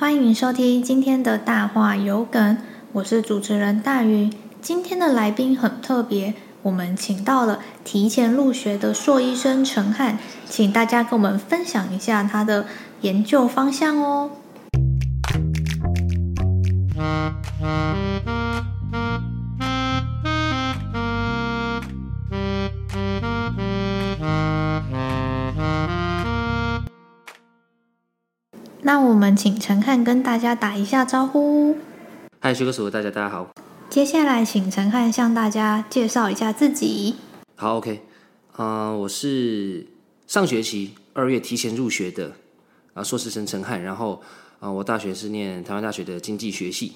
歡迎收聽今天的大話有梗，我是主持人大魚。今天的來賓很特別，我們請到了提前入學的碩醫生承翰，請大家跟我們分享一下他的研究方向哦。我們請承翰，跟大家打一下招呼。嗨，i 學哥鼠，大家大家好。接下來請承翰向大家介紹一下自己。好，OK，啊、呃，我是上學期二月提前入學的啊、呃，碩士生承翰。然後啊、呃，我大學是念台灣大學的經濟學系。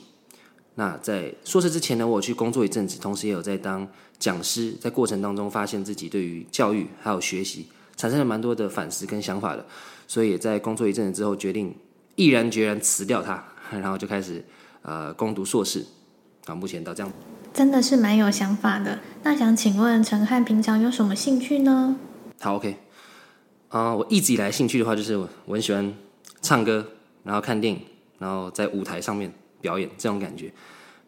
那在碩士之前呢，我有去工作一陣子，同時也有在當講師。在過程當中，發現自己對於教育還有學習產生了蠻多的反思跟想法的，所以也在工作一陣子之後決定。毅然決然辭掉他，然後就開始呃攻讀碩士，啊，目前到這樣，真的是蠻有想法的。那想請問承翰平常有什麼興趣呢？好，OK，啊，我一直以來興趣的話就是我很喜歡唱歌，然後看電影，然後在舞台上面表演這種感覺，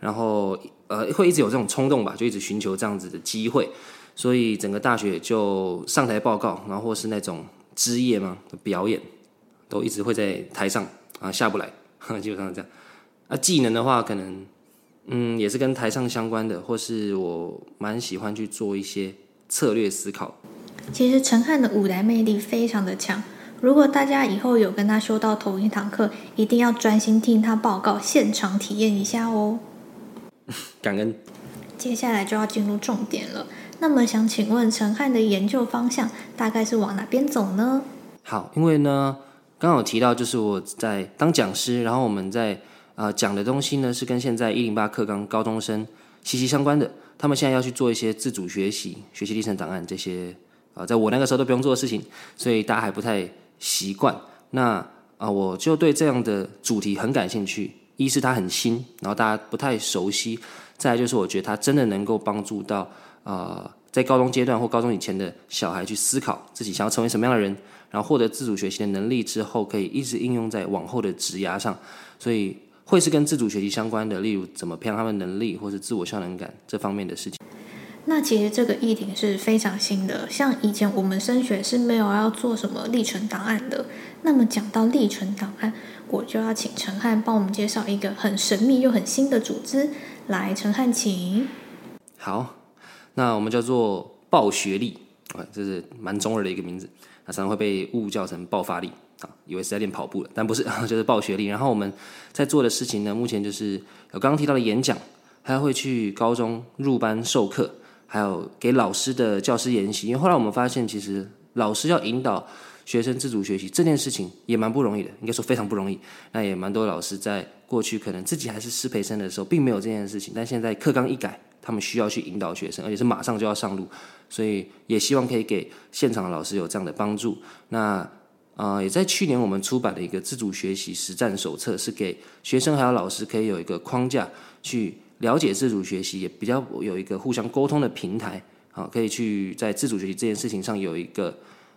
然後呃會一直有這種衝動吧，就一直尋求這樣子的機會，所以整個大學就上台報告，然後或是那種職業嘛表演。都一直會在台上啊，下不來，基本上是這樣。啊，技能的話，可能嗯，也是跟台上相關的，或是我蠻喜歡去做一些策略思考。其實承翰的舞台魅力非常的強，如果大家以後有跟他修到同一堂課，一定要專心聽他報告，現場體驗一下哦、喔。感恩。接下來就要進入重點了，那麼想請問承翰的研究方向大概是往哪邊走呢？好，因為呢。剛剛有提到，就是我在當講師，然後我們在啊、呃、講的東西呢，是跟現在一零八課綱高中生息息相關的。他們現在要去做一些自主學習、學習歷程檔案這些啊、呃，在我那個時候都不用做的事情，所以大家還不太習慣。那啊、呃，我就對這樣的主題很感興趣。一是它很新，然後大家不太熟悉；再來就是我覺得它真的能夠幫助到啊、呃，在高中階段或高中以前的小孩去思考自己想要成為什麼樣的人。然後獲得自主學習的能力之後，可以一直應用在往後的職涯上，所以會是跟自主學習相關的，例如怎麼培養他們能力或是自我效能感這方面的事情。那其實這個議題是非常新的，像以前我們升學是沒有要做什麼歷程檔案的。那麼講到歷程檔案，我就要請承翰幫我們介紹一個很神秘又很新的組織。來，承翰，請。好，那我們叫做爆學力。就是蠻中二的一個名字，常常會被誤叫成爆發力啊，以為是在練跑步了。但不是，就是爆學力。然後我們在做的事情呢，目前就是有剛剛提到的演講，還會去高中入班授課，還有給老師的教師研習。因為後來我們發現，其實老師要引導。學生自主學習這件事情也蠻不容易的，應該說非常不容易。那也蠻多老師在過去可能自己還是師培生的時候，並沒有這件事情，但現在課綱一改，他們需要去引導學生，而且是馬上就要上路，所以也希望可以給現場的老師有這樣的幫助。那啊、呃，也在去年我們出版的一個自主學習實戰手冊，是給學生還有老師可以有一個框架去了解自主學習，也比較有一個互相溝通的平台啊，可以去在自主學習這件事情上有一個。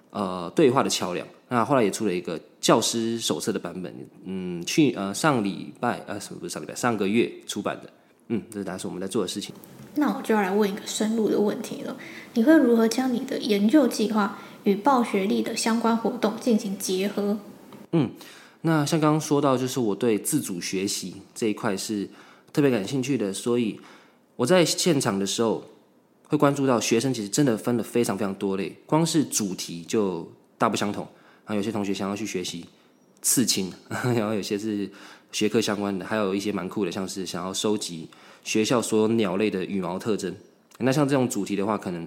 呃，對話的橋梁。那後來也出了一個教師手冊的版本。嗯，去呃上禮拜啊、呃，不是上禮拜，上個月出版的。嗯，這是當時我們在做的事情。那我就要來問一個深入的問題了：你會如何將你的研究計劃與爆學力的相關活動進行結合？嗯，那像剛剛說到，就是我對自主學習這一塊是特別感興趣的，所以我在現場的時候。會關注到學生其實真的分了非常非常多類，光是主題就大不相同。啊，有些同學想要去學習刺青，然後有些是學科相關的，還有一些蠻酷的，像是想要收集學校所有鳥類的羽毛特徵。那像這種主題的話，可能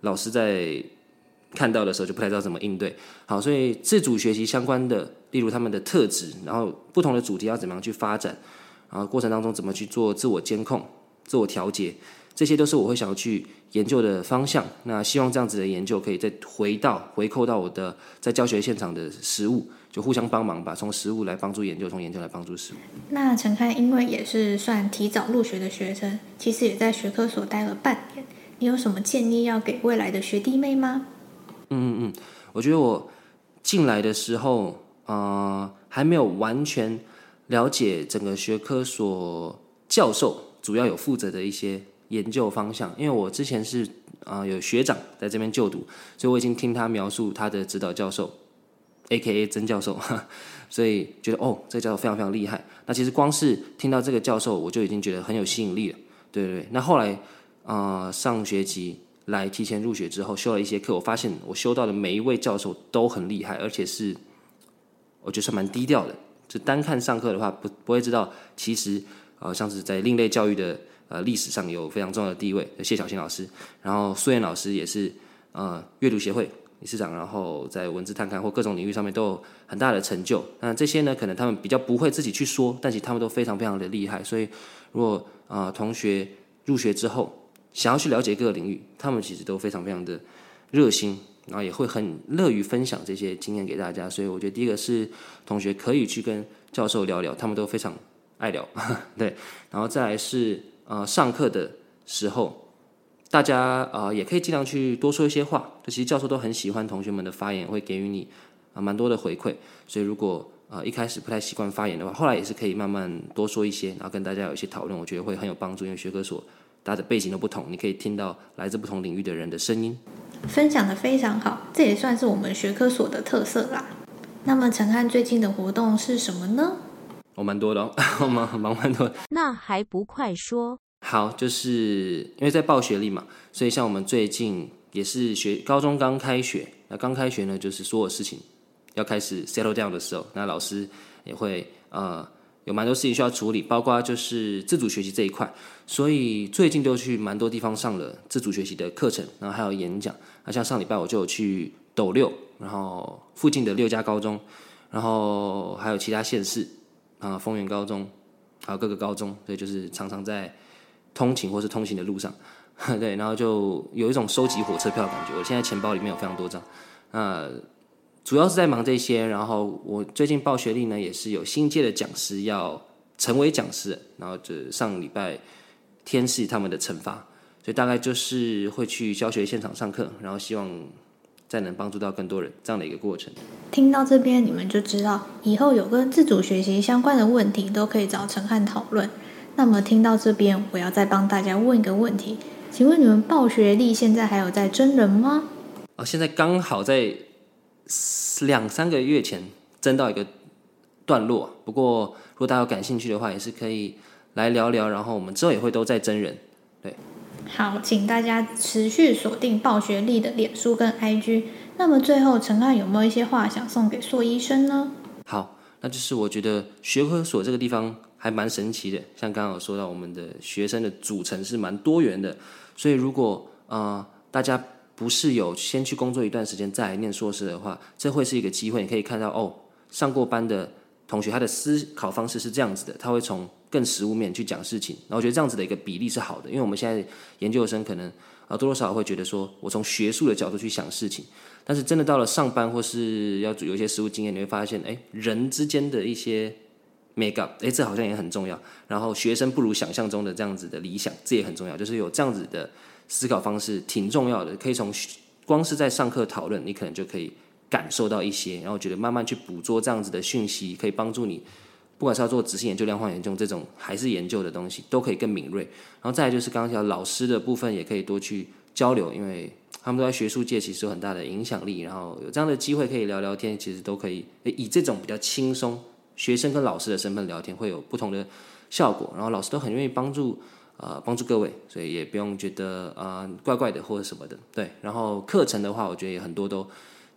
老師在看到的時候就不太知道怎麼應對。好，所以自主學習相關的，例如他們的特質，然後不同的主題要怎麼樣去發展，然後過程當中怎麼去做自我監控、自我調節。這些都是我會想要去研究的方向。那希望這樣子的研究可以再回到回扣到我的在教學現場的實務，就互相幫忙吧。從實務來幫助研究，從研究來幫助實務。那承翰因為也是算提早入學的學生，其實也在學科所待了半年。你有什麼建議要給未來的學弟妹嗎？嗯嗯嗯，我覺得我進來的時候啊、呃，還沒有完全了解整個學科所教授主要有負責的一些。研究方向，因為我之前是啊、呃、有學長在這邊就讀，所以我已經聽他描述他的指導教授，A K A 曾教授，所以覺得哦，這個教授非常非常厲害。那其實光是聽到這個教授，我就已經覺得很有吸引力了。對對對。那後來啊、呃，上學期來提前入學之後修了一些課，我發現我修到的每一位教授都很厲害，而且是我覺得是蠻低調的。就單看上課的話，不不會知道其實啊、呃、像是在另類教育的呃，歷史上有非常重要的地位，謝小新老師，然後素艷老師也是呃，閱讀協會理事長，然後在文字探勘或各種領域上面都有很大的成就。那這些呢，可能他們比較不會自己去說，但是他們都非常非常的厲害。所以如果啊、呃，同學入學之後想要去了解各個領域，他們其實都非常非常的熱心，然後也會很樂於分享這些經驗給大家。所以我覺得第一個是同學可以去跟教授聊聊，他們都非常愛聊， 對，然後再來是。呃，上課的時候，大家啊、呃、也可以盡量去多說一些話。這其實教授都很喜歡同學們的發言，會給予你啊、呃、蠻多的回饋。所以如果啊、呃、一開始不太習慣發言的話，後來也是可以慢慢多說一些，然後跟大家有一些討論，我覺得會很有幫助。因為學科所大家的背景都不同，你可以聽到來自不同領域的人的聲音。分享的非常好，這也算是我們學科所的特色啦。那麼承翰最近的活動是什麼呢？我、oh, 蠻多的，哦，我蠻蠻蠻多的。那還不快說？好，就是因為在報學歷嘛，所以像我們最近也是學高中剛開學，那剛開學呢，就是所有事情要開始 settle down 的時候，那老師也會呃有蠻多事情需要處理，包括就是自主學習這一塊，所以最近就去蠻多地方上了自主學習的課程，然後還有演講。那像上禮拜我就有去斗六，然後附近的六家高中，然後還有其他縣市。啊，豐原高中還有、啊、各個高中，所以就是常常在通勤或是通勤的路上，對，然後就有一種收集火車票的感覺。我現在錢包裡面有非常多張，呃、啊，主要是在忙這些。然後我最近爆學力呢，也是有新屆的講師要成為講師，然後就上禮拜天是他們的懲罰，所以大概就是會去教學現場上課，然後希望。再能幫助到更多人這樣的一個過程。聽到這邊，你們就知道以後有跟自主學習相關的問題，都可以找承翰討論。那麼聽到這邊，我要再幫大家問一個問題，請問你們爆學力現在還有在徵人嗎？哦，現在剛好在兩三個月前徵到一個段落。不過如果大家有感興趣的話，也是可以來聊聊。然後我們之後也會都在徵人，對。好，請大家持續鎖定爆學力的臉書跟 IG。那麼最後，承翰有沒有一些話想送給碩醫生呢？好，那就是我覺得學科所這個地方還蠻神奇的，像剛剛有說到我們的學生的組成是蠻多元的，所以如果啊、呃，大家不是有先去工作一段時間再來念碩士的話，這會是一個機會，你可以看到哦，上過班的同學他的思考方式是這樣子的，他會從。更實務面去講事情，那我覺得這樣子的一個比例是好的，因為我們現在研究生可能啊多多少少會覺得說，我從學術的角度去想事情，但是真的到了上班或是要有一些實務經驗，你會發現，誒、欸，人之間的一些 make up，誒、欸，這好像也很重要。然後學生不如想象中的這樣子的理想，這也很重要，就是有這樣子的思考方式挺重要的，可以從光是在上課討論，你可能就可以感受到一些，然後覺得慢慢去捕捉這樣子的訊息，可以幫助你。不管是要做質性研究、量化研究這種，還是研究的東西，都可以更敏銳。然後再來就是剛才老師的部分，也可以多去交流，因為他們都在學術界其實有很大的影響力。然後有這樣的機會可以聊聊天，其實都可以、欸、以這種比較輕鬆，學生跟老師的身份聊天會有不同的效果。然後老師都很願意幫助呃幫助各位，所以也不用覺得啊、呃、怪怪的或者什麼的。對，然後課程的話，我覺得也很多都。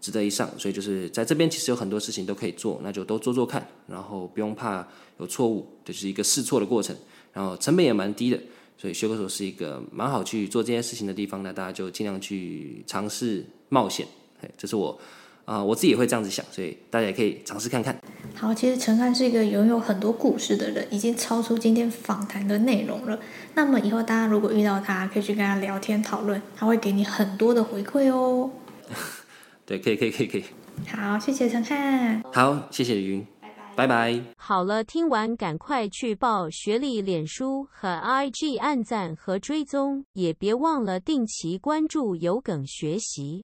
值得一上，所以就是在這邊其實有很多事情都可以做，那就都做做看，然後不用怕有錯誤，這、就是一個試錯的過程。然後成本也蠻低的，所以學哥所是一個蠻好去做這件事情的地方。那大家就盡量去嘗試冒險，這、就是我啊、呃，我自己也會這樣子想，所以大家也可以嘗試看看。好，其實承翰是一個擁有，有很多故事的人，已經超出今天訪談的內容了。那麼以後大家如果遇到他，可以去跟他聊天討論，他會給你很多的回饋哦。對，可以，可以，可以，可以。好，謝謝承翰。好，謝謝雲。拜拜。拜拜。好了，聽完趕快去爆學力，臉書和 IG 按讚和追蹤，也別忘了定期關注有梗學習。